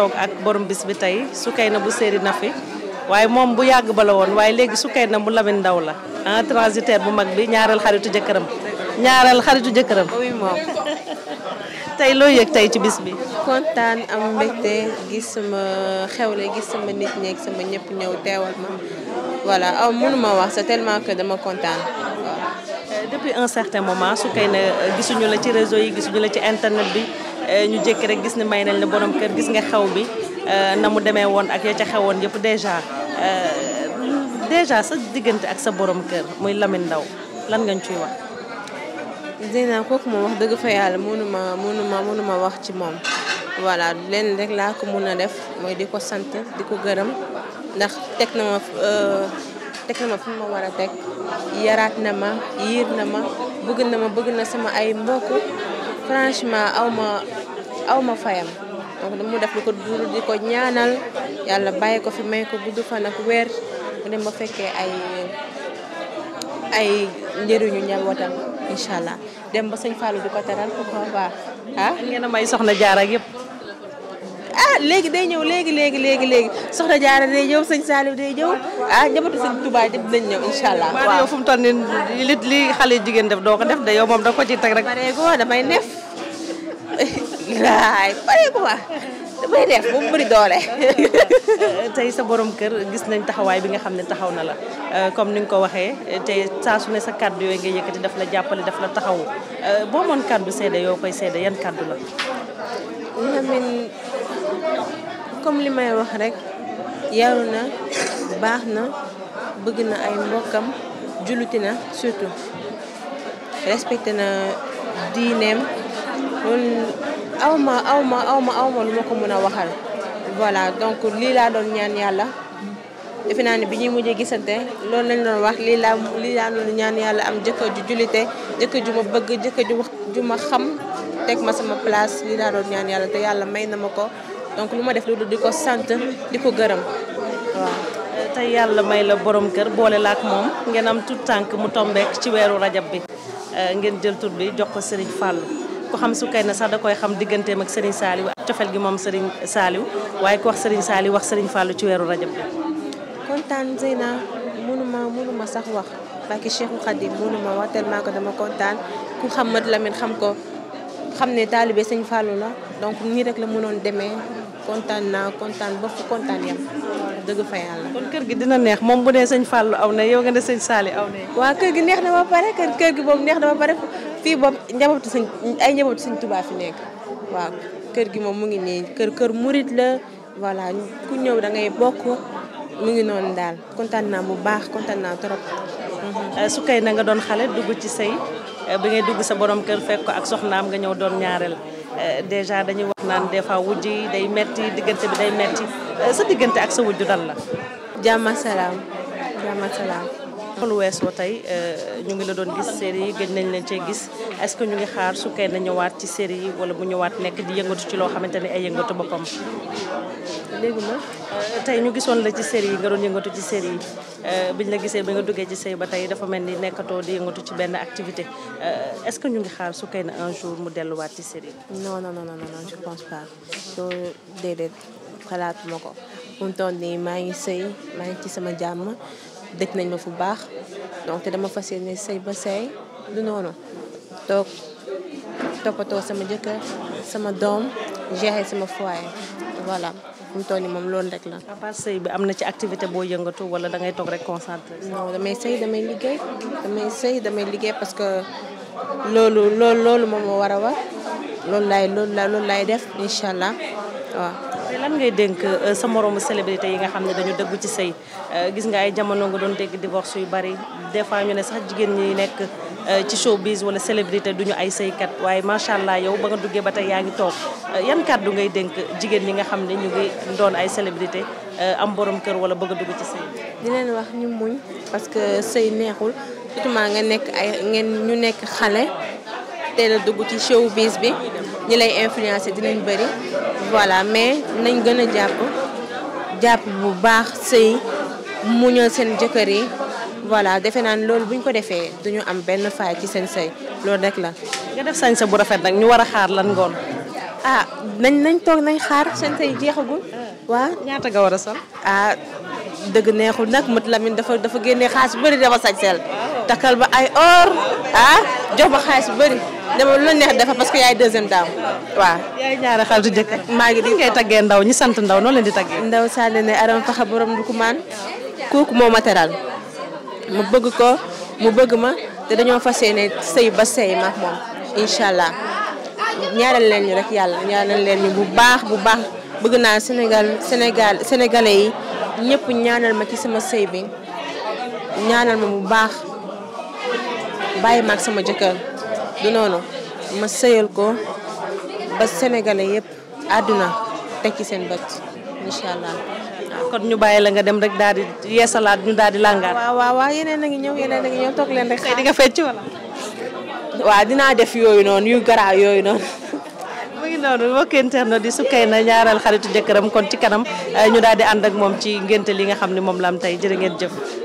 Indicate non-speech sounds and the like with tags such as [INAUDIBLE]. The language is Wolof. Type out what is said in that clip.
toog ak borom bis bi tey Soukeyna bu Séeri Nafi waaye moom bu yàgg ba la woon waaye léegi su Soukeyna bu Lamine Ndaw la en ah, transitaire bu mag bi ñaareel xaritu jëkkëram ñaareel xaritu jëkkëram oui moom [LAUGHS] tey loo yëg tey ci bis bi kontaan am mbégte gis sama xewle gis sama nit ñeeg sama ñëpp ñëw teewal ma voilà aw mënuma wax c'est tellement que dama kontaan euh, depuis un certain moment Soukeyna euh, gisuñu la ci réseau yi gisuñu la ci internet bi Eh, ñu jékki rek gis ni may nañ la borom kër gis nga xew bi eh, na mu demee woon ak ya ca xewoon yëpp déjà eh, déjà sa diggante ak sa borom kër muy Lamine ndaw lan nga ñu ciy wax. Zeyna kooku moom wax dëgg fa yàlla mënuma mënuma mënuma wax ci moom voilà leen rek laa ko mun a def mooy di ko sant di ko gërëm ndax teg na ma teg fi ma war a teg yaraat na ma yiir na ma bëgg na ma bëgg na sama ay mbokk franchement aw ma aw ma fayam donc mu def lu ko dul ko ñaanal yàlla bàyyi ko fi may ko gudd weer mu dem ba fekkee ay ay njëriñu njabootam incha allah dem ba sëñ Fallou di ko teral pourquoi pas ah. ngeen a may soxna jaar ak yëpp. Ah, léegi day ñëw léegi léegi léegi léegi soxna jaara day ñëw sëñ Saliou day ñëw ah njabootu sëñ Touba yëpp dinañ ñëw incha allah. waaw yow fu mu toll nii li li xale jigéen def doo ko def de yow moom da ko ci teg rek. pareegoo damay neef. waay pare quoi damay def bu bëri doole. [LAUGHS] tey sa boroom kër gis nañ taxawaay bi nga xam ne taxaw na la euh, comme ni nga ko waxee tey saa su ne sa kàddu yooyu nga yëkkati daf la jàppale daf la taxawu euh, boo moon kàddu seede yoo koy seede yan kàddu la. Lamine comme li may wax rek yaru na baax na bëgg na ay mbokkam julliti na surtout respecté na diineem. loolu aw ma aw ma aw ma aw ma lu ma ko mën a waxal voilà donc lii laa doon ñaan yàlla defe naa ne bi ñuy mujjee gisante loolu lañ doon wax lii laa lii laa doon ñaan yàlla am jëkkër ju jullite jëkk ju ma bëgg jëkkër ju ju ma xam teg ma sama place lii laa doon ñaan yàlla te yàlla may na ma ko donc lu ma def loolu di ko sant di ko gërëm waaw. tey yàlla may la boroom kër boole la ak moom ngeen am tout tànk mu tombeek ci weeru rajab bi euh, ngeen jël tur bi jox ko Serigne fàll ku xam Soukeyna sax da koy xam digganteem ak Serigne Saliou ak cofel gi moom Serigne Saliou waaye ku wax Serigne Saliou wax Serigne Fallou ci weeru rajab bi. kontaan Zeyna mënuma mënuma sax wax barki ku xam Mad Lamine xam ko xam ne taalibe Serigne Fallou la donc nii rek la mënoon demee kontaan naa kontaan ba fu kontaan yam dëgg fa kër gi dina neex moom bu nee sëñ Fallou aw na yow nga ne sëñ Sali aw na. waa kër gi neex na ba pare kër gi boobu neex na ba pare fii ba njabootu sëñ ay njabootu sëñ Tuubaa fi nekk waaw kër gi moom mu ngi nii kër kër murit la voilà ku ñëw da ngay bokk mu ngi noonu daal kontaan naa bu baax kontaan naa trop. Mhm. su kay na nga doon xale dugg ci sëy bi ngay dugg sa borom kër fekk ko ak soxnaam nga ñëw doon ñaareel eh, déjà dañuy wax naan des fois wujj yi day metti diggante bi day metti eh, sa diggante ak sa wujju dal la. jàmm ak salaam jàmm ak salaam. lu weesoo tey euh, ñu ngi la doon gis série yi gëj nañ leen cee gis est que ñu ngi xaar su na ñëwaat ci série yi wala bu ñëwaat nekk di yëngatu ci loo xamante ne ay yëngatu boppam. léegi ma euh, tey ñu gisoon la ci série yi nga doon yëngatu ci série yi euh, biñ la gisee bi nga duggee ci série ba tey dafa mel ni nekkatoo di yëngatu ci benn activité est-ce que ñu ngi xaar su kay na un jour mu delluwaat ci série yi. non non non non non je pense pas loolu déedéet xalaatuma ko fu mu toll nii maa ngi sëy maa ngi ci sama jàmm. dëj nañ ma fu baax donc te dama fas yéene sëy ba sëy du noonu toog toppatoo sama jëkkër sama doom gérer sama foyer voilà fi mu toll nii moom loolu rek la. à part bi am na ci activité boo yëngatu wala da ngay toog rek concentré. non damay sëy damay liggéey damay sëy damay liggéey parce que loolu loolu loolu moom moo war a war loolu laay loolu laay loolu laay def incha allah waaw. lan ngay dénk euh, sa moroomu célébrité yi nga xam ne dañu dëggu ci sëy euh, gis nga ay jamono nga doon dégg divorce yu bari des fois ñu ne sax jigéen ñi nekk euh, ci showbiz wala célébrité duñu ay sëykat waaye macha allah yow ba nga duggee ba tey yaa ngi toog yan kàddu ngay dénk jigéen ñi nga xam ne ñu ngi doon ay célébrité am boroom kër wala bëgg a dugg ci sëy di leen wax ñu muñ parce que sëy neexul surtout nga nekk ay ngeen ñu nekk xale teel a dugg ci showbiz bi ñi lay influencer dinañ bëri voilà mais nañ gën a jàpp jàpp bu baax sëy muñal seen jëkkër yi voilà defe naan loolu buñ ko defee duñu am benn faay ci seen sëy loolu rek la. nga def sañ bu rafet nag ñu war a xaar lan ngoon. ah nañ nañ toog nañ xaar seen sëy jeexagul. waaw ñaata nga war a sol. ah dëgg neexul nag mët Lamine dafa dafa génnee xaalis bu bëri dama sañ seel takkal ba ay or ah, jox ma xaalis bu bëri. dama lu neex dafa parce que yaay deuxième dame waa yaay ñaari xaritu jëkk maa ngi di ngay taggee ndaw ñi sant ndaw noo leen di taggee. ndaw Sane ne aram faxa borom du ko maan kooku moo ma mu bëgg ko mu bëgg ma te dañoo fas yéene sëy ba sëy ma ak moom incha allah ñaareel leen ñu rek yàlla ñaareel leen ñu bu baax bu baax bëgg naa Sénégal Sénégal sénégalais yi ñëpp ñaanal ma ci sama sëy bi ñaanal ma bu baax bàyyi ma sama jëkkër. du noonu ma sëyal ko ba sénégalais yépp àdduna teg ci seen bët incha allah. Ah, kon ñu bàyyi la nga dem rek daal di yeesalaat ñu daal di langaat. waaw waaw yeneen a ngi ñëw a ngi toog leen rek. xëy di nga fecc wala. waaw dinaa def yooyu noonu yu garaaw yooyu noonu. mu ngi noonu mbokk internet di na ñaareel xaritu jëkkëram kon ci kanam eh, ñu daal di ànd ak moom ci ngénte li nga xam ne moom la am tey jërë ngeen jëf.